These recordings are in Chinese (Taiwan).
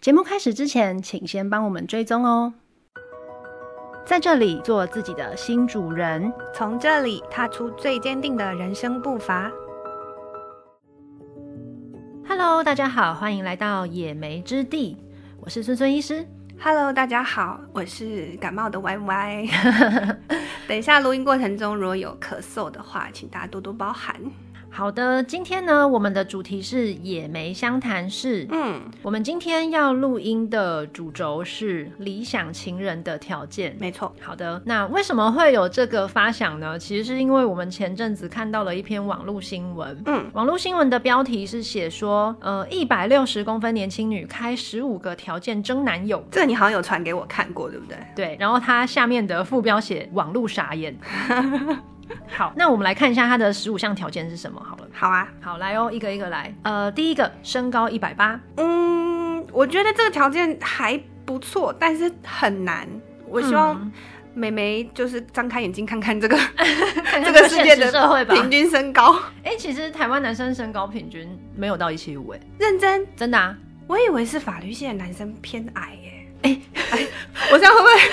節目開始之前，請先幫我們追蹤哦。在這裡做自己的新主人，從這裡踏出最堅定的人生步伐。Hello，大家好，歡迎來到野莓之地，我是孫孫醫師。Hello，大家好，我是感冒的 YY。 等一下錄音過程中如果有咳嗽的話，請大家多多包涵。好的，今天呢，我們的主題是野莓相談室。嗯，我們今天要錄音的主軸是理想情人的條件。沒錯。好的，那為什麼會有這個發想呢？其實是因為我們前陣子看到了一篇網絡新聞。嗯，網絡新聞的標題是寫說，呃，一百六十公分年輕女開十五個條件徵男友。這個你好像有傳給我看過，對不對？對。然後它下面的副標寫，網絡傻眼。 好，那我們來看一下他的十五項條件是什麼好了。好啊，好來哦，一個一個來。呃，第一個身高一百八，嗯，我覺得這個條件還不錯，但是很難。我希望美眉就是張開眼睛看看這個這個世界的社會吧。平均身高。哎、欸，其實台灣男生身高平均沒有到一七五哎，認真真的啊？我以為是法律系的男生偏矮耶。哎、欸、哎，我這樣會不會？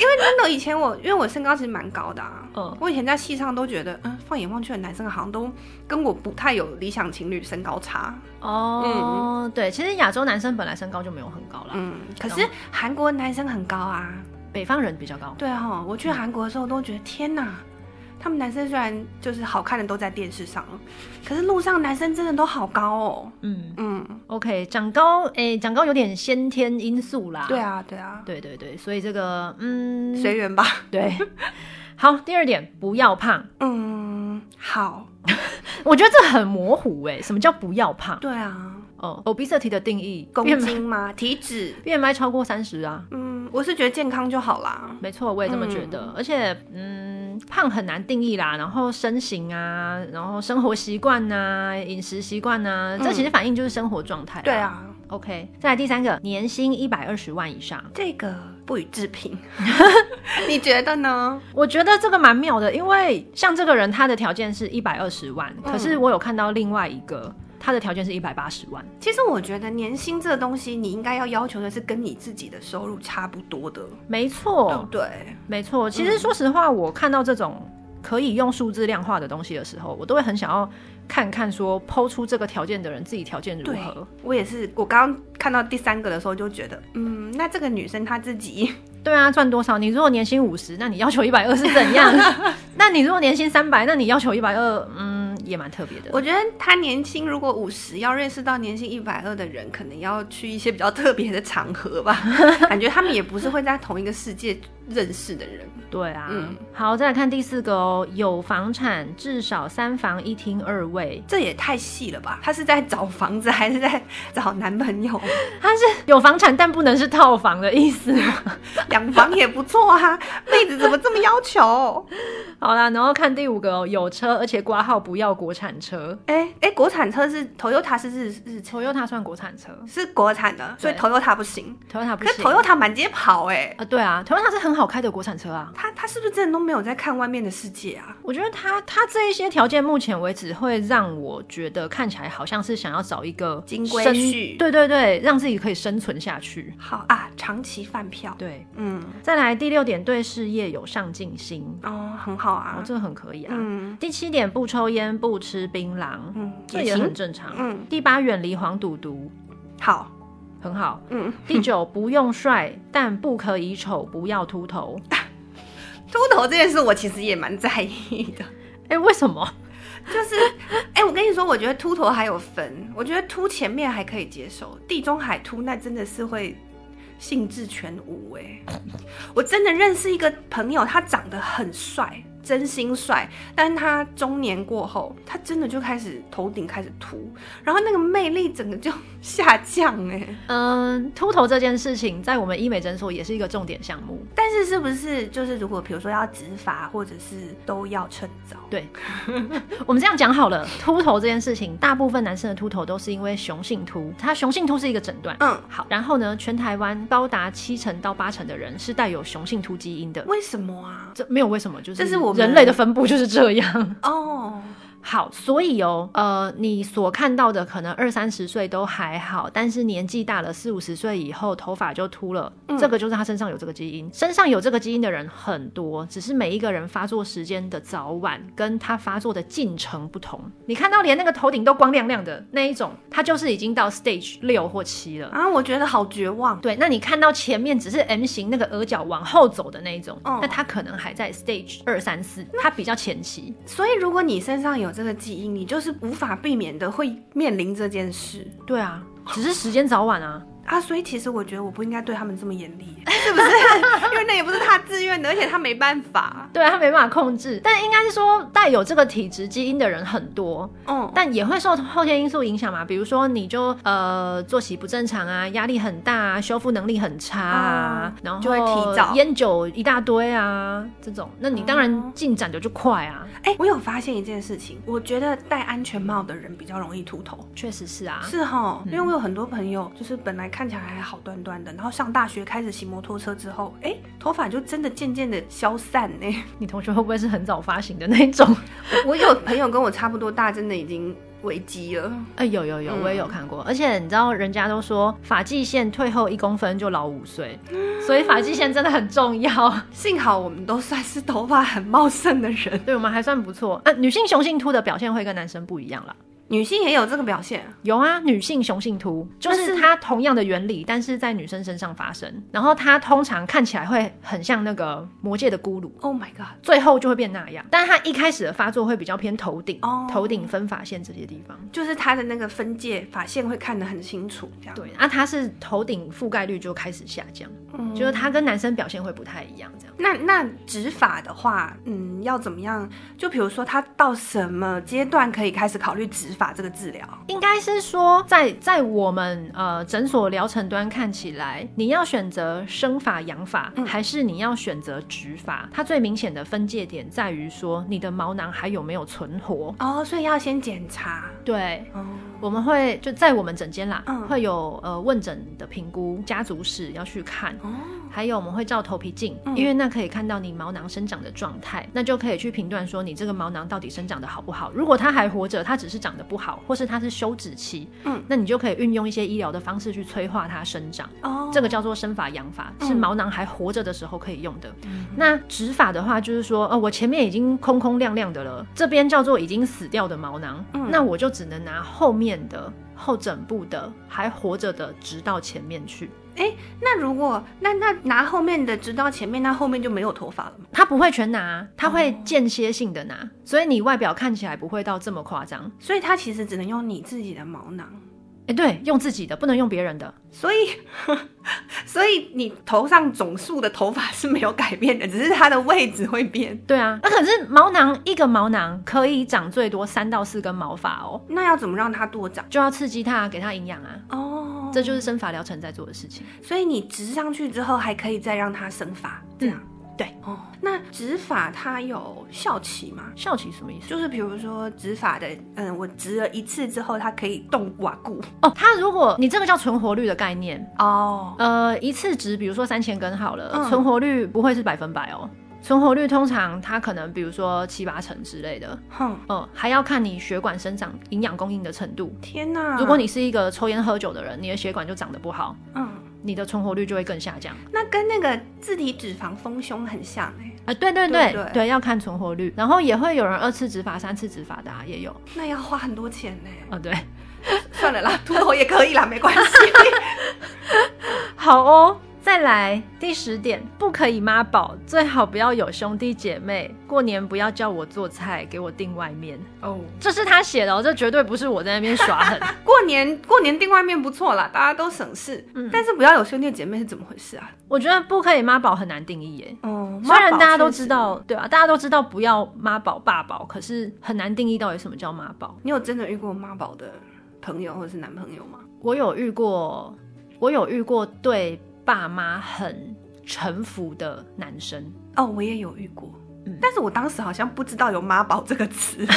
因為真的，以前我因為我身高其實蠻高的啊。嗯，哦、我以前在戲上都覺得，嗯，放眼望去的男生好像都跟我不太有理想情侶身高差。哦，嗯、對，其實亞洲男生本來身高就沒有很高了。嗯，可是韓國男生很高啊，北方人比較高。對哈、哦，我去韓國的時候都覺得天，天吶他們男生雖然就是好看的都在電視上，可是路上男生真的都好高哦。嗯嗯，OK，長高欸，長高有點先天因素啦。對啊對啊，對對對，所以這個嗯，隨緣吧。 對，好，第二點，不要胖。嗯，好。 我覺得這很模糊哎、欸，什麼叫不要胖？對啊，哦，Obesity 的定義，公斤嗎？脈體脂 BMI 超過三十啊？嗯，我是覺得健康就好啦，沒錯，我也這麼覺得。嗯、而且，嗯，胖很難定義啦，然後身形啊，然後生活習慣啊，飲食習慣啊，嗯、這其實反映就是生活狀態。對啊，OK，再來第三個，年薪一百二十萬以上，這個。不予置評， 你覺得呢？我覺得這個蠻妙的，因為像這個人，他的條件是一百二十萬，嗯、可是我有看到另外一個，他的條件是一百八十萬。其實我覺得年薪這個東西，你應該要要求的是跟你自己的收入差不多的。沒錯，對，沒錯。其實說實話，嗯、我看到這種可以用數字量化的東西的時候，我都會很想要。看看說拋出這個條件的人自己條件如何？我也是，我剛剛看到第三個的時候就覺得，嗯，那這個女生她自己對啊，賺多少？你如果年薪五十，那你要求一百二是怎樣？ 那你如果年薪三百，那你要求一百二，嗯。也蠻特別的，我覺得他年輕，如果五十要認識到年薪一百二的人，可能要去一些比較特別的場合吧。 感覺他們也不是會在同一個世界認識的人。對啊，嗯、好，再來看第四個哦，有房產至少三房一廳二衛，這也太細了吧？他是在找房子還是在找男朋友？ 他是有房產，但不能是套房的意思嗎？兩 房也不錯啊，妹子怎麼這麼要求？ 好啦，然後看第五個哦，有車而且掛號不要，國產車，哎哎，國產車是 Toyota，是日日車 Toyota 算國產車，是國產的，所以 Toyota 不行，Toyota 不行。可是 Toyota 滿街跑哎，啊對啊，Toyota 是很好開的國產車啊。他他是不是真的都沒有在看外面的世界啊？我覺得他他這一些條件目前為止會讓我覺得看起來好像是想要找一個金龜婿，對對對，讓自己可以生存下去。好啊，長期飯票。對，嗯。再來第六點，對事業有上進心。哦，很好啊，這個很可以啊。嗯。第七點，不抽菸不。不吃檳榔，嗯，這也行？嗯，也很正常。嗯，第八，遠離黃賭毒，好，很好。嗯嗯。第九，不用帥，但不可以醜，不要禿頭。禿 頭這件事，我其實也蠻在意的。哎、欸，為什麼？就是，哎、欸，我跟你說，我覺得禿頭還有分，我覺得禿前面還可以接受，地中海禿那真的是會興致全無。哎，我真的認識一個朋友，他長得很帥。真心帥，但他中年過後，他真的就開始頭頂開始禿，然後那個魅力整個就下降哎、欸。嗯，禿頭這件事情在我們醫美診所也是一個重點項目，但是是不是就是如果比如說要植髮或者是都要趁早？對， 我們這樣講好了，禿頭這件事情，大部分男生的禿頭都是因為雄性禿，他雄性禿是一個診斷。嗯，好，然後呢，全台灣高達七成到八成的人是帶有雄性禿基因的。為什麼啊？這沒有為什麼，就是這是我。人類的分布就是這樣哦。好，所以哦，呃，你所看到的可能二三十歲都還好，但是年紀大了四五十歲以後，頭髮就禿了。嗯、這個就是他身上有這個基因，身上有這個基因的人很多，只是每一個人發作時間的早晚跟他發作的進程不同。你看到連那個頭頂都光亮亮的那一種，他就是已經到 stage 六或七了啊！我覺得好絕望。對，那你看到前面只是 M 型那個額角往後走的那一種，那他、嗯、可能還在 stage 二三四，他比較前期。所以如果你身上有，這個記憶你就是無法避免的會面臨這件事。對啊，只是時間早晚啊。啊，所以其實我覺得我不應該對他們這麼嚴厲。 是不是？因為那也不是他自願的，而且他沒辦法，對他沒辦法控制。但應該是說，帶有這個體質基因的人很多，哦、嗯，但也會受後天因素影響嘛，比如說你就呃作息不正常啊，壓力很大，啊，修復能力很差，啊，啊然後就會提早，菸酒一大堆啊，這種，那你當然進展的就快啊。哎、嗯欸，我有發現一件事情，我覺得戴安全帽的人比較容易禿頭，確實是啊，是哈齁，嗯、因為我有很多朋友，就是本來看起來還好端端的，然後上大學開始騎摩托。車之後，哎、欸，頭髮就真的漸漸的消散。你同學會不會是很早髮型的那種？我，我有朋友跟我差不多大，真的已經危機了。哎、欸，有有有，我也有看過。嗯、而且你知道，人家都說髮際線退後一公分就老五歲，嗯、所以髮際線真的很重要。幸好我們都算是頭髮很茂盛的人，對我們還算不錯。啊，女性雄性禿的表現會跟男生不一樣啦。女性也有這個表現、啊，有啊，女性雄性禿就是它同樣的原理，但是,但是在女生身上發生，然後它通常看起來會很像那個魔戒的咕嚕，Oh my god，最後就會變那樣，但是它一開始的發作會比較偏頭頂，oh, 頭頂分髮線這些地方，就是它的那個分界髮線會看得很清楚，這樣。對，那、啊、它是頭頂覆蓋率就開始下降，嗯、就是它跟男生表現會不太一樣，這樣那。那那植髮的話，嗯，要怎麼樣？就比如說他到什麼階段可以開始考慮植？髮這個治療應該是說，在在我們呃診所療程端看起來，你要選擇生髮養髮，嗯、還是你要選擇植髮？它最明顯的分界點在於說，你的毛囊還有沒有存活？哦，所以要先檢查。對。哦我們會就在我們診間啦，嗯、會有呃問診的評估，家族史要去看，嗯、還有我們會照頭皮鏡，嗯、因為那可以看到你毛囊生長的狀態，那就可以去評斷說你這個毛囊到底生長得好不好。如果它還活着，它只是長得不好，或是它是休止期，嗯、那你就可以運用一些醫療的方式去催化它生長，哦、這個叫做生髮養髮，是毛囊還活着的時候可以用的。嗯、那植髮的話，就是說呃我前面已經空空亮亮的了，這邊叫做已經死掉的毛囊，嗯、那我就只能拿後面。面的後枕部的還活着的，直到前面去。哎，欸，那如果那那拿後面的直到前面，那後面就沒有頭髮了嗎？他不會全拿，他會間歇性的拿，嗯、所以你外表看起來不會到這麼誇張。所以他其實只能用你自己的毛囊。哎，欸、對，用自己的，不能用別人的。所以，所以你頭上總數的頭髮是沒有改變的，只是它的位置會變。對啊，那、啊、可是毛囊一個毛囊可以長最多三到四根毛髮哦。那要怎麼讓它多長？就要刺激它，給它營養啊。哦，oh, 這就是生髮療程在做的事情。所以你植上去之後，還可以再讓它生髮，對啊。嗯對哦，那植髮它有效期嗎？效期什麼意思？就是比如說植髮的，嗯，我植了一次之後，它可以動穩固哦。它如果你這個叫存活率的概念哦，呃，一次植，比如說三千根好了，嗯、存活率不會是百分百哦。存活率通常它可能比如說七八成之類的。哼、嗯，哦、嗯，還要看你血管生長、營養供應的程度。天哪，如果你是一個抽菸喝酒的人，你的血管就長得不好。嗯。你的存活率就會更下降。那跟那個自體脂肪豐胸很像哎、欸。啊，對對對對，對，對，要看存活率，然後也會有人二次植髮、三次植髮的、啊、也有。那要花很多錢呢、欸。啊、哦，對，算了啦，禿 頭也可以啦，沒關係。 好哦。再來第十點，不可以媽寶，最好不要有兄弟姐妹。過年不要叫我做菜，給我訂外面哦。Oh. 這是他寫的，哦，這絕對不是我在那邊耍狠。 過年過年訂外面不錯啦，大家都省事。嗯，但是不要有兄弟姐妹是怎麼回事啊？我覺得不可以媽寶很難定義耶。哦，oh, 雖然大家都知道，對啊，大家都知道不要媽寶爸寶，可是很難定義到底什麼叫媽寶。你有真的遇過媽寶的朋友或者是男朋友嗎？我有遇過，我有遇過，對。爸媽很臣服的男生哦，我也有遇過，嗯、但是我當時好像不知道有媽寶這個詞。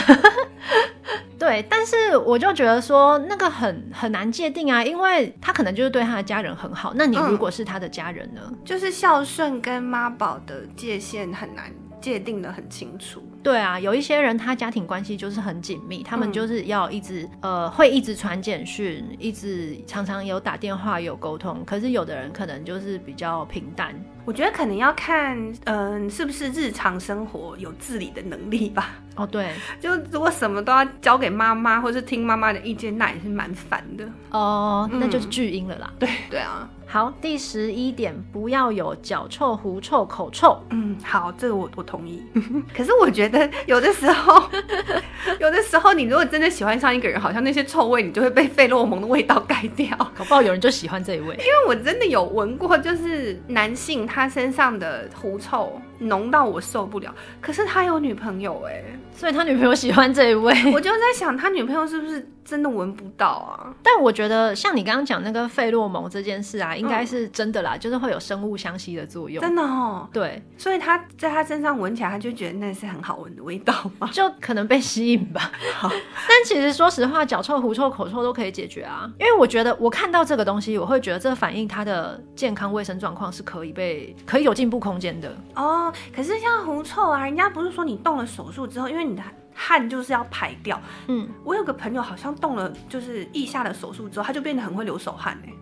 對，但是我就覺得說那個很很難界定啊，因為他可能就是對他的家人很好，那你如果是他的家人呢，嗯、就是孝順跟媽寶的界限很難界定得很清楚。對啊，有一些人他家庭關係就是很緊密，他們就是要一直、嗯、呃會一直傳簡訊，一直常常有打電話有溝通。可是有的人可能就是比較平淡，我覺得可能要看嗯、呃、是不是日常生活有自理的能力吧。哦，對，就如果什麼都要交給媽媽或是聽媽媽的意見，那也是蠻煩的哦，呃嗯、那就是巨嬰了啦。對對啊。好，第十一點，不要有腳臭、狐臭、口臭。嗯，好，這個我我同意。 可是我覺得有的時候， 有的時候你如果真的喜歡上一個人，好像那些臭味你就會被費洛蒙的味道蓋掉。搞不好有人就喜歡這一味。因為我真的有聞過，就是男性他身上的狐臭濃到我受不了。可是他有女朋友哎、欸，所以他女朋友喜歡這一味。我就在想，他女朋友是不是？真的聞不到啊，但我覺得像你剛剛講那個費洛蒙這件事啊，應該是真的啦，嗯、就是會有生物相吸的作用。真的哦。對，所以他在他身上聞起來，他就覺得那是很好聞的味道嘛，就可能被吸引吧。 好， 但其實說實話，腳臭、狐臭、口臭都可以解決啊，因為我覺得我看到這個東西，我會覺得這反映他的健康衛生狀況是可以被可以有進步空間的。哦，可是像狐臭啊，人家不是說你動了手術之後，因為你的。汗就是要排掉，嗯，我有個朋友好像動了就是腋下的手術之後，他就變得很會流手汗欸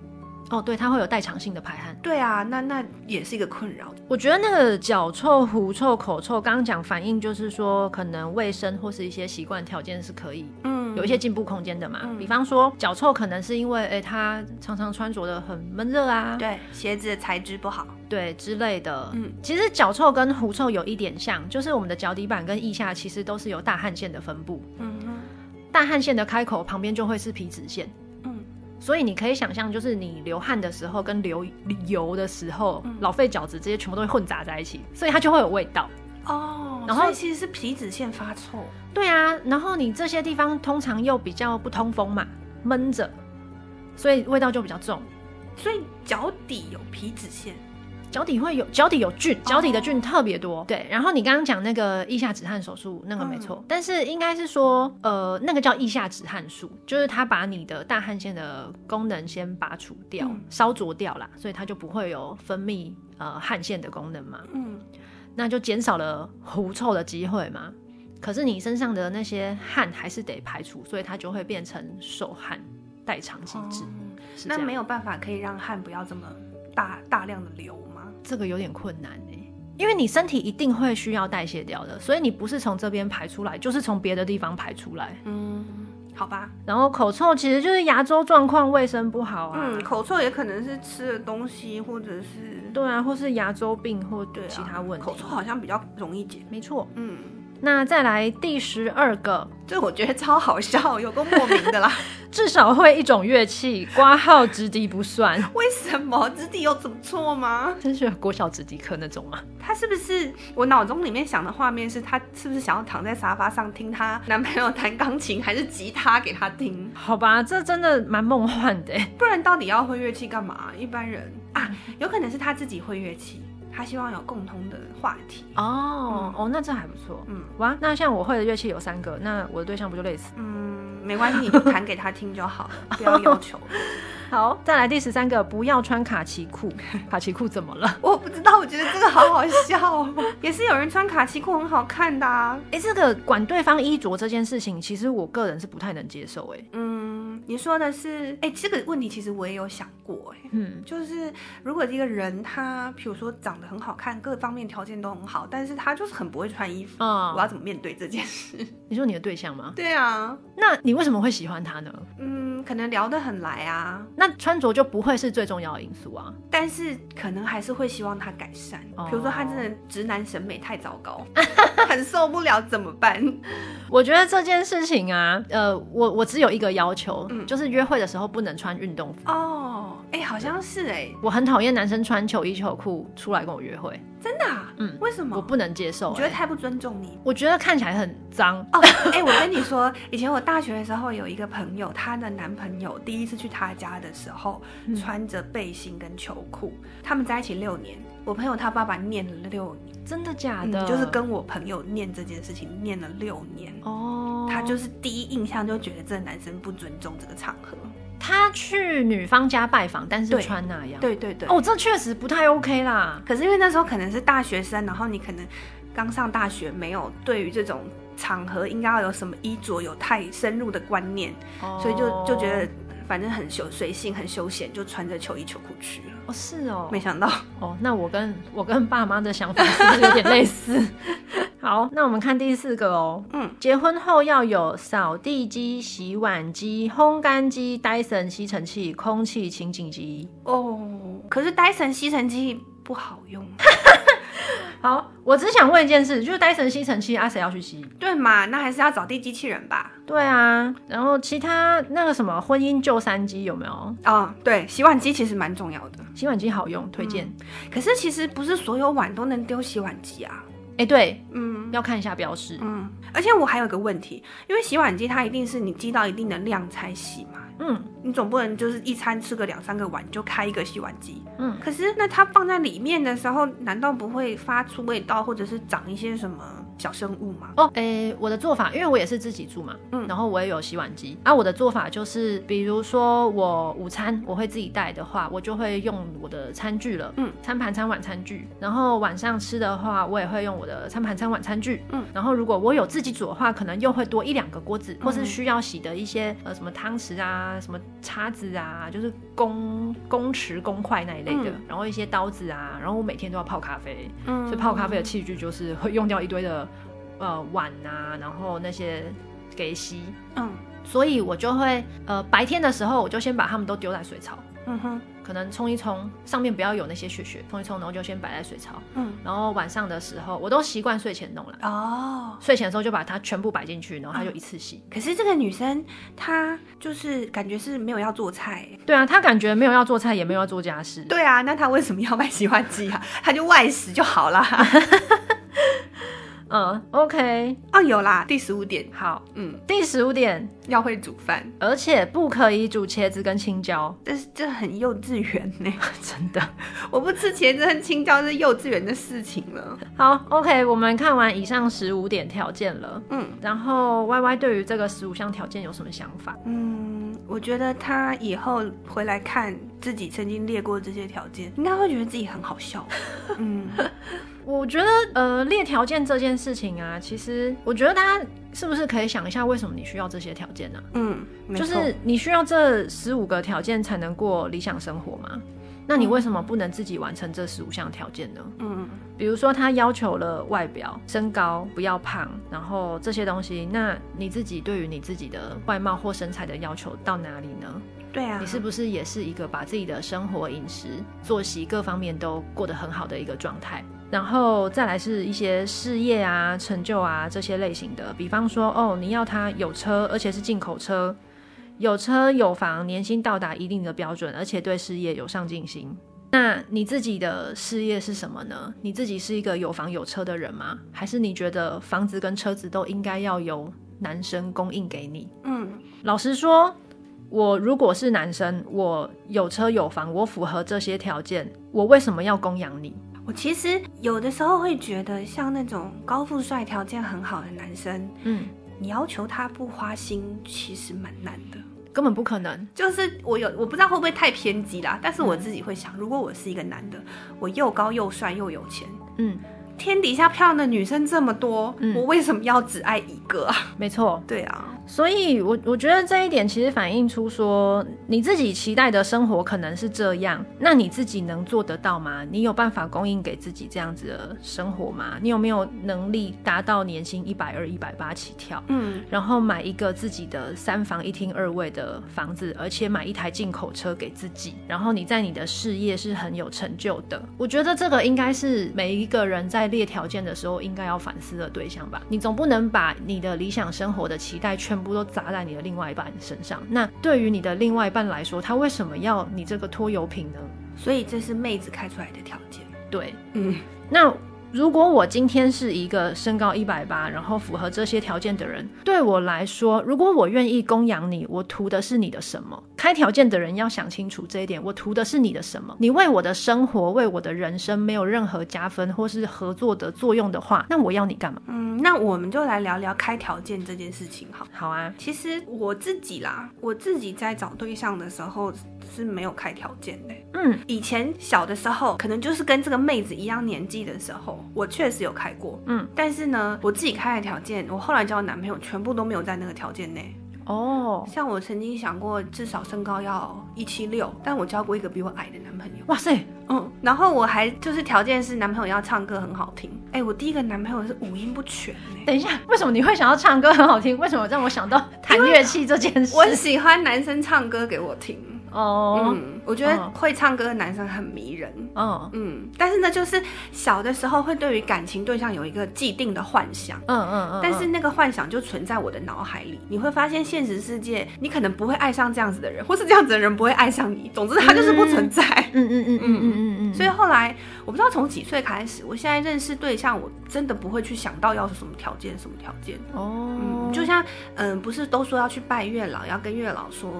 哦，對，它會有代償性的排汗。對啊，那那也是一個困擾。我覺得那個腳臭、狐臭、口臭，剛剛講反映就是說，可能衛生或是一些習慣條件是可以，嗯，有一些進步空間的嘛。嗯，比方說腳臭，可能是因為誒它他常常穿着的很悶熱啊，對，鞋子的材質不好，對之類的。嗯，其實腳臭跟狐臭有一點像，就是我們的腳底板跟腋下其實都是有大汗腺的分布。嗯哼，大汗腺的開口旁邊就會是皮脂腺。所以你可以想象，就是你流汗的時候跟流油的時候，老廢角質這些全部都會混雜在一起，所以它就會有味道。哦，然後所以其實是皮脂腺發臭，對啊。然後你這些地方通常又比較不通風嘛，悶着，所以味道就比較重。所以腳底有皮脂腺。腳底會有，腳底有菌，腳底的菌特別多。哦、對，然後你剛剛講那個腋下止汗手術，那個沒錯。嗯、但是應該是說，呃，那個叫腋下止汗術，就是它把你的大汗腺的功能先拔除掉，嗯、燒灼掉了，所以它就不會有分泌呃汗腺的功能嘛。嗯，那就減少了狐臭的機會嘛。可是你身上的那些汗還是得排除，所以它就會變成手汗代償機制。嗯，那沒有辦法可以讓汗不要這麼大大量的流？這個有點困難哎、欸，因為你身體一定會需要代謝掉的，所以你不是從這邊排出來，就是從別的地方排出來。嗯，好吧。然後口臭其實就是牙周狀況、衛生不好啊。嗯，口臭也可能是吃的東西或者是對啊，或是牙周病或其他問題、啊。口臭好像比較容易解，沒錯。嗯。那再來第十二個，這我覺得超好笑，有夠莫名的啦。 至少會一種樂器，括號、直笛不算。 為什麼直笛有什麼錯嗎？真是有國小直笛課那種嗎？他是不是我腦中裡面想的畫面是，他是不是想要躺在沙發上聽他男朋友彈鋼琴還是吉他給他聽？好吧，這真的蠻夢幻的。不然到底要會樂器幹嘛？一般人啊，有可能是他自己會樂器。他希望有共同的話題哦、嗯、哦，那這還不錯，嗯，哇，那像我會的樂器有三個，那我的對象不就類似？嗯，沒關係，你就彈給他聽就好了， 不要要求。 好，再來第十三個，不要穿卡其褲。卡其褲怎麼了？ 我不知道，我覺得這個好好笑哦、喔。也是有人穿卡其褲很好看的啊。哎、欸，這個管對方衣着這件事情，其實我個人是不太能接受哎、欸。嗯，你說的是哎、欸，這個問題其實我也有想過哎、欸。嗯，就是如果一個人他，譬如說長得很好看，各方面條件都很好，但是他就是很不會穿衣服啊，嗯、我要怎麼面對這件事？你說你的對象嗎？對啊，那你為什麼會喜歡他呢？嗯。可能聊得很來啊，那穿着就不會是最重要的因素啊。但是可能還是會希望他改善，哦、比如說他真的直男審美太糟糕， 很受不了，怎麼辦？我覺得這件事情啊，呃，我我只有一個要求，嗯、就是約會的時候不能穿運動服哦。哎、欸，好像是哎、欸，我很討厭男生穿球衣球褲出來跟我約會，真的、啊？嗯，為什麼？我不能接受、欸，我覺得太不尊重你。我覺得看起來很髒哦。哎、oh, 欸，我跟你說， 以前我大學的時候有一個朋友，她的男朋友第一次去她家的時候穿着背心跟球褲，嗯、他們在一起六年。我朋友她爸爸念了六年，真的假的、嗯？就是跟我朋友念這件事情念了六年哦，oh. 他就是第一印象就覺得這個男生不尊重這個場合。他去女方家拜訪，但是穿那樣，對對對對，哦，這確實不太 OK 啦。可是因為那時候可能是大學生，然後你可能剛上大學，沒有對於這種場合應該要有什麼衣着有太深入的觀念，所以就就覺得。反正很休隨性，很休閒，就穿着球衣球褲去了。哦，是哦，沒想到。哦，那我跟我跟爸媽的想法是不是有點類似？ 好，那我們看第四個哦。嗯，結婚後要有掃地機、洗碗機、烘乾機、戴森吸塵器、空氣清淨機。哦，可是戴森吸塵器不好用。 好，我只想問一件事，就是戴森吸塵器啊，誰要去吸？對嘛，那還是要掃地機器人吧。對啊，然後其他那個什麼，婚姻救三機有沒有啊、哦？對，洗碗機其實蠻重要的，洗碗機好用，推薦、嗯。可是其實不是所有碗都能丟洗碗機啊。哎、欸、對，嗯，要看一下標識，嗯，而且我還有一個問題，因為洗碗機它一定是你積到一定的量才洗嘛，嗯，你總不能就是一餐吃個兩三個碗你就開一個洗碗機，嗯，可是那它放在裡面的時候，難道不會發出味道或者是長一些什麼？小生物嘛，哦，oh, 誒，我的做法，因為我也是自己住嘛，嗯，然後我也有洗碗機啊，我的做法就是，比如說我午餐我會自己帶的話，我就會用我的餐具了，嗯，餐盤、餐碗、餐具，然後晚上吃的話，我也會用我的餐盤、餐碗、餐具，嗯，然後如果我有自己煮的話，可能又會多一兩個鍋子，或是需要洗的一些、嗯、呃什麼湯匙啊，什麼叉子啊，就是公公匙、公筷那一類的，嗯、然後一些刀子啊，然後我每天都要泡咖啡，嗯，所以泡咖啡的器具就是會用掉一堆的。呃碗啊，然後那些給洗，嗯，所以我就會呃白天的時候，我就先把他們都丟在水槽，嗯哼，可能沖一沖，上面不要有那些血血，沖一沖，然後就先擺在水槽，嗯，然後晚上的時候，我都習慣睡前弄了，哦，睡前的時候就把它全部擺進去，然後他就一次洗。嗯、可是這個女生她就是感覺是沒有要做菜，對啊，她感覺沒有要做菜，也沒有要做家事，對啊，那她為什麼要買洗碗機啊？ 她就外食就好了。 嗯，OK，哦有啦，第十五點，好，嗯，第十五點要會煮飯，而且不可以煮茄子跟青椒，但是這很幼稚園呢？ 真的，我不吃茄子跟青椒是幼稚園的事情了。好，OK，我們看完以上十五點條件了，嗯，然後 YY 對於這個十五項條件有什麼想法？嗯，我覺得他以後回來看自己曾經列過這些條件，應該會覺得自己很好笑， 嗯。我覺得，呃，列條件這件事情啊，其實我覺得大家是不是可以想一下，為什麼你需要這些條件呢、啊？嗯，沒錯。就是你需要這十五個條件才能過理想生活嗎？那你為什麼不能自己完成這十五項條件呢？嗯，比如說他要求了外表、身高，不要胖，然後這些東西，那你自己對於你自己的外貌或身材的要求到哪裡呢？對啊，你是不是也是一個把自己的生活、飲食、作息各方面都過得很好的一個狀態？然後再來是一些事業啊、成就啊這些類型的，比方說哦，你要他有車，而且是進口車，有車有房，年薪到達一定的標準，而且對事業有上進心。那你自己的事業是什麼呢？你自己是一個有房有車的人嗎？還是你覺得房子跟車子都應該要由男生供應給你？嗯，老實說，我如果是男生，我有車有房，我符合這些條件，我為什麼要供養你？我其實有的時候會覺得，像那種高富帥、條件很好的男生，嗯，你要求他不花心，其實蠻難的，根本不可能。就是我有，我不知道會不會太偏激啦，但是我自己會想，嗯，如果我是一個男的，我又高又帥又有錢，嗯，天底下漂亮的女生這麼多，嗯，我為什麼要只愛一個，啊。沒錯， 對啊。所以，我我覺得這一點其實反映出說，你自己期待的生活可能是這樣，那你自己能做得到嗎？你有辦法供應給自己這樣子的生活嗎？你有沒有能力達到年薪一百二、一百八起跳？嗯，然後買一個自己的三房一廳二衛的房子，而且買一台進口車給自己，然後你在你的事業是很有成就的。我覺得這個應該是每一個人在列條件的時候應該要反思的對象吧。你總不能把你的理想生活的期待全全部都砸在你的另外一半身上。那對於你的另外一半來說，他為什麼要你這個拖油瓶呢？所以這是妹子開出來的條件。對，嗯。那如果我今天是一個身高一百八，然後符合這些條件的人，對我來說，如果我願意供養你，我圖的是你的什麼？開條件的人要想清楚這一點，我圖的是你的什麼？你為我的生活、為我的人生沒有任何加分或是合作的作用的話，那我要你幹嘛？嗯，那我們就來聊聊開條件這件事情好，好好啊。其實我自己啦，我自己在找對象的時候是沒有開條件的。嗯，以前小的時候，可能就是跟這個妹子一樣年紀的時候，我確實有開過。嗯，但是呢，我自己開的條件，我後來交的男朋友全部都沒有在那個條件內。哦，oh. 像我曾經想過，至少身高要176，但我交過一個比我矮的男朋友。哇塞，嗯，然後我還就是條件是，男朋友要唱歌很好聽。哎、欸，我第一個男朋友是五音不全、欸。等一下，為什麼你會想要唱歌很好聽？為什麼讓我想到彈樂器這件事？我喜歡男生唱歌給我聽。哦、oh. 嗯。我覺得會唱歌的男生很迷人。嗯嗯，但是呢，就是小的時候會對於感情對象有一個既定的幻想。嗯嗯嗯。但是那個幻想就存在我的腦海裡。你會發現現實世界，你可能不會愛上這樣子的人，或是這樣子的人不會愛上你。總之，他就是不存在。嗯嗯嗯嗯嗯嗯。所以後來我不知道從幾歲開始，我現在認識對象，我真的不會去想到要什麼條件，什麼條件。哦。就像嗯、呃，不是都說要去拜月老，要跟月老說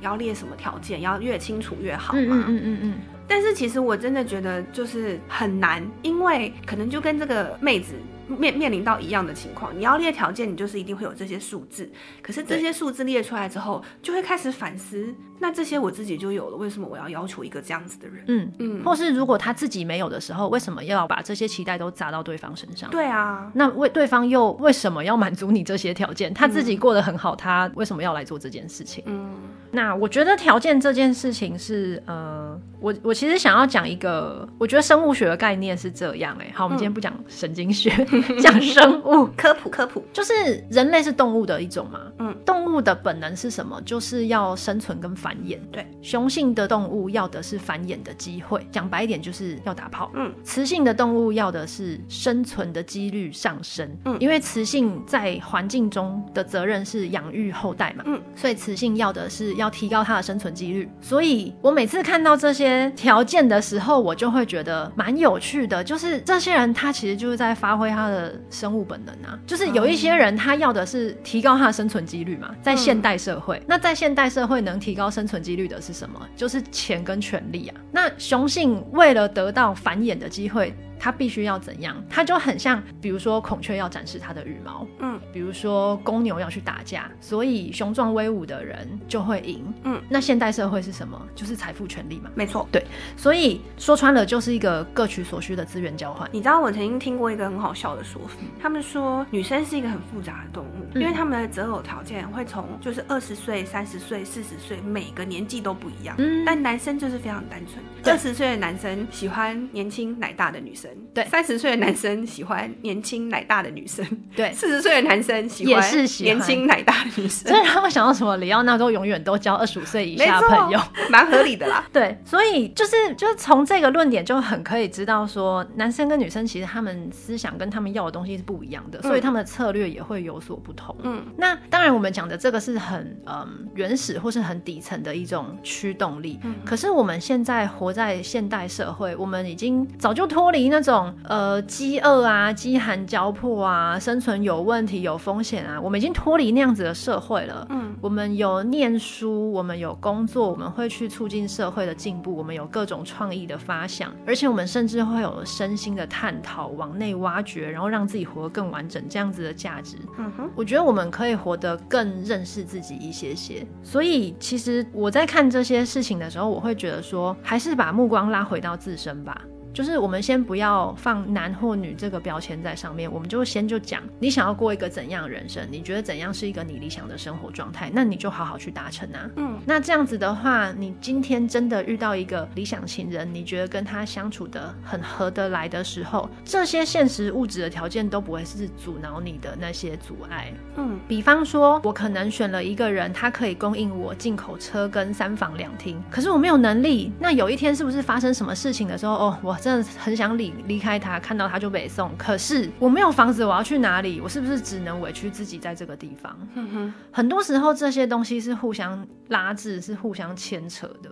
要列什麼條件，要越清楚越。越好嘛，嗯，嗯嗯嗯嗯。嗯，但是其實我真的覺得就是很難，因為可能就跟這個妹子面面臨到一樣的情況。你要列條件，你就是一定會有這些數字。可是這些數字列出來之後，就會開始反思，對那這些我自己就有了，為什麼我要要求一個這樣子的人？嗯嗯。嗯，或是如果他自己沒有的時候，為什麼要把這些期待都砸到對方身上？對啊。那為對方又為什麼要滿足你這些條件？他自己過得很好，嗯，他為什麼要來做這件事情？嗯。那我覺得條件這件事情是，呃，我我其實想要講一個，我覺得生物學的概念是這樣哎、欸。好，我們今天不講神經學，講、嗯、 生物科普科普，科普就是人類是動物的一種嘛。嗯。動物的本能是什麼？就是要生存跟繁衍。對。雄性的動物要的是繁衍的機會，講白一點就是要打炮。嗯。雌性的動物要的是生存的幾率上升。嗯。因為雌性在環境中的責任是養育後代嘛。嗯。所以雌性要的是。要提高他的生存幾率，所以我每次看到這些條件的時候，我就會覺得蠻有趣的。就是這些人，他其實就是在發揮他的生物本能啊。就是有一些人，他要的是提高他的生存幾率嘛。在現代社會，嗯、那在現代社會能提高生存幾率的是什麼？就是錢跟權力啊。那雄性為了得到繁衍的機會。他必須要怎樣？他就很像，比如說孔雀要展示它的羽毛，嗯，比如說公牛要去打架，所以雄壯威武的人就會贏，嗯。那現代社會是什麼？就是財富、權力嘛。沒錯，對。所以說穿了就是一個各取所需的資源交換。你知道我曾經聽過一個很好笑的說法，他們說女生是一個很複雜的動物，嗯、因為他們的擇偶條件會從就是二十歲、三十歲、四十歲每個年紀都不一樣，嗯。但男生就是非常單純，二十歲的男生喜歡年輕奶大的女生。對三十歲的男生喜歡年輕奶大的女生，對四十歲的男生也是喜歡年輕奶大的女生，所以他會想到什麼？李奧納多永遠都交二十五歲以下的朋友，蠻合理的啦。對，所以就是就是、從這個論點就很可以知道說，男生跟女生其實他們思想跟他們要的東西是不一樣的，所以他們的策略也會有所不同。嗯，那當然我們講的這個是很嗯原始或是很底層的一種驅動力，嗯、可是我們現在活在現代社會，我們已經早就脫離那。那種呃飢餓啊、飢寒交迫啊、生存有問題、有風險啊，我們已經脫離那樣子的社會了。嗯，我們有念書，我們有工作，我們會去促進社會的進步，我們有各種創意的發想，而且我們甚至會有身心的探討、往內挖掘，然後讓自己活得更完整，這樣子的價值。嗯哼，我覺得我們可以活得更認識自己一些些。所以，其實我在看這些事情的時候，我會覺得說，還是把目光拉回到自身吧。就是我們先不要放男或女這個標籤在上面，我們就先就講你想要過一個怎樣的人生，你覺得怎樣是一個你理想的生活狀態，那你就好好去達成啊。嗯，那這樣子的話，你今天真的遇到一個理想情人，你覺得跟他相處得很合得來的時候，這些現實物質的條件都不會是阻撓你的那些阻礙。嗯，比方說，我可能選了一個人，他可以供應我進口車跟三房兩廳，可是我沒有能力。那有一天是不是發生什麼事情的時候，哦，我。真的很想離離開他，看到他就被送。可是我沒有房子，我要去哪裡？我是不是只能委屈自己在這個地方？嗯、哼很多時候這些東西是互相拉制，是互相牽扯的。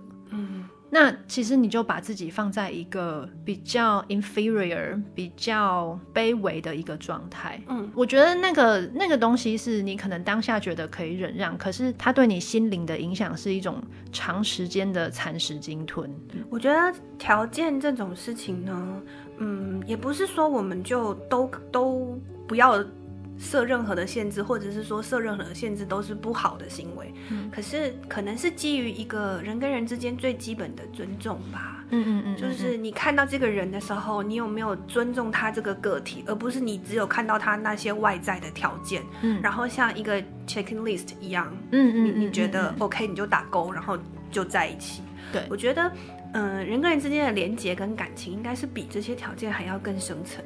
那其實你就把自己放在一個比較 inferior、比較卑微的一個狀態。嗯，我覺得那個那個東西是你可能當下覺得可以忍讓，可是它對你心靈的影響是一種長時間的蠶食鯨吞。我覺得條件這種事情呢，嗯，也不是說我們就都都不要設任何的限制，或者是說設任何的限制都是不好的行為。嗯，可是可能是基於一個人跟人之間最基本的尊重吧。嗯，嗯嗯嗯，就是你看到這個人的時候，你有沒有尊重他這個個體，而不是你只有看到他那些外在的條件，嗯，然後像一個 checking list 一樣，嗯嗯，嗯，嗯，嗯，嗯嗯，你你覺得 OK，你就打勾，然後就在一起。對，我覺得，嗯、呃，人跟人之間的連結跟感情，應該是比這些條件還要更深層。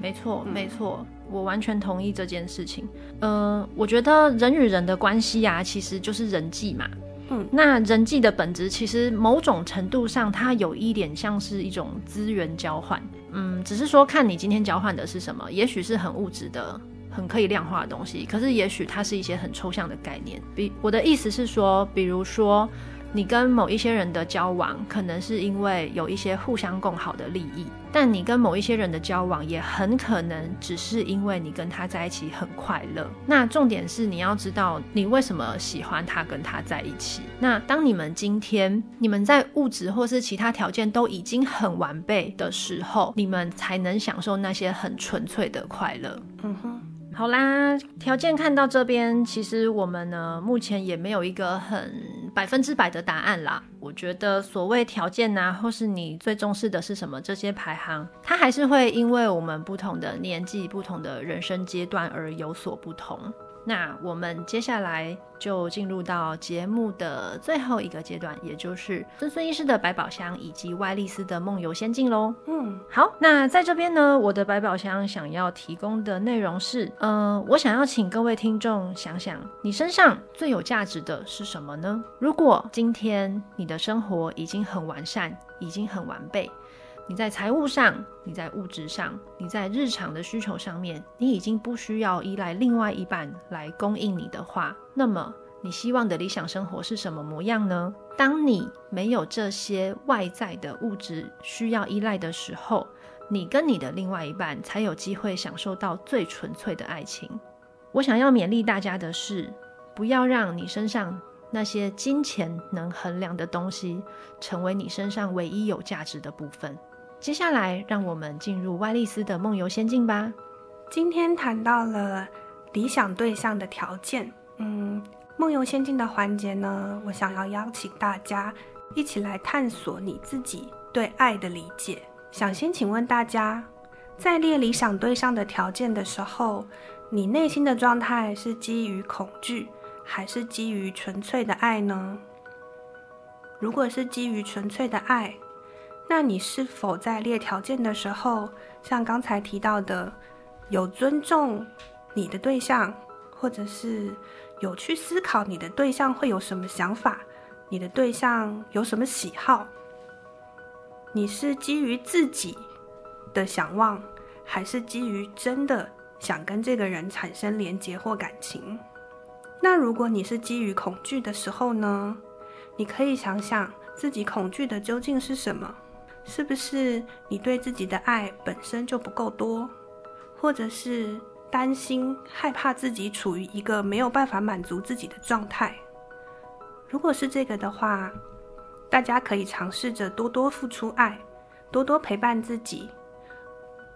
沒錯，沒錯，嗯、我完全同意這件事情。嗯、呃，我覺得人與人的關係啊，其實就是人際嘛。嗯，那人際的本質，其實某種程度上，它有一點像是一種資源交換。嗯，只是說看你今天交換的是什麼，也許是很物質的、很可以量化的東西，可是也許它是一些很抽象的概念。比我的意思是說，比如說。你跟某一些人的交往，可能是因為有一些互相共好的利益，但你跟某一些人的交往也很可能只是因為你跟他在一起很快樂。那重點是你要知道你為什麼喜歡他，跟他在一起。那當你們今天你們在物質或是其他條件都已經很完備的時候，你們才能享受那些很純粹的快樂。嗯哼，好啦，條件看到這邊，其實我們呢目前也沒有一個很。百分之百的答案啦，我覺得所謂條件啊，或是你最重視的是什麼，這些排行，它還是會因為我們不同的年紀、不同的人生階段而有所不同。那我們接下來就進入到節目的最後一個階段，也就是孫孫醫師的百寶箱以及 YY 麗絲的夢遊仙境嘍。嗯，好，那在這邊呢，我的百寶箱想要提供的內容是，呃，我想要請各位聽眾想想，你身上最有價值的是什麼呢？如果今天你的生活已經很完善，已經很完備。你在財務上，你在物質上，你在日常的需求上面，你已經不需要依賴另外一半來供應你的話，那麼你希望的理想生活是什麼模樣呢？當你沒有這些外在的物質需要依賴的時候，你跟你的另外一半才有機會享受到最純粹的愛情。我想要勉勵大家的是，不要讓你身上那些金錢能衡量的東西成為你身上唯一有價值的部分。接下來，讓我們進入外麗斯的夢遊仙境吧。今天談到了理想對象的條件，嗯，夢遊仙境的環節呢，我想要邀請大家一起來探索你自己對愛的理解。想先請問大家，在列理想對象的條件的時候，你內心的狀態是基於恐懼，還是基於純粹的愛呢？如果是基於純粹的愛，那你是否在列條件的時候，像剛才提到的，有尊重你的對象，或者是有去思考你的對象會有什麼想法，你的對象有什麼喜好？你是基於自己的想望，還是基於真的想跟這個人產生連結或感情？那如果你是基於恐懼的時候呢？你可以想想自己恐懼的究竟是什麼？是不是你對自己的愛本身就不夠多，或者是擔心害怕自己處於一個沒有辦法滿足自己的狀態？如果是這個的話，大家可以嘗試着多多付出愛，多多陪伴自己，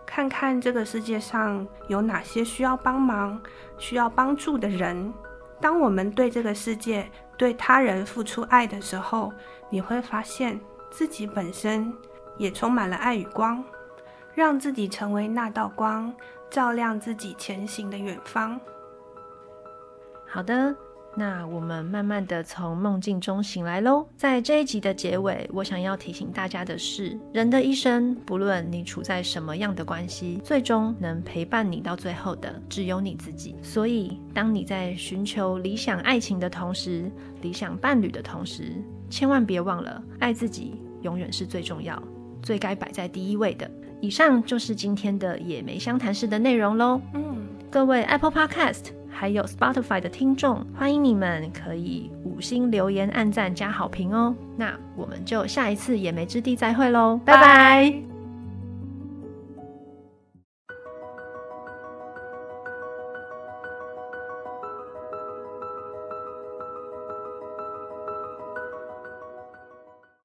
看看這個世界上有哪些需要幫忙、需要幫助的人。當我們對這個世界、對他人付出愛的時候，你會發現自己本身，也充滿了愛與光，讓自己成為那道光，照亮自己前行的遠方。好的，那我們慢慢的從夢境中醒來嘍。在這一集的結尾，我想要提醒大家的是：人的一生，不論你處在什麼樣的關係，最終能陪伴你到最後的，只有你自己。所以，當你在尋求理想愛情的同時，理想伴侶的同時，千萬別忘了，愛自己永遠是最重要。最該擺在第一位的。以上就是今天的野莓相談室的內容嘍。嗯，各位 Apple Podcast 還有 Spotify 的聽眾，歡迎你們可以五星留言、按讚加好評哦。那我們就下一次野莓之地再會嘍，拜拜。拜拜。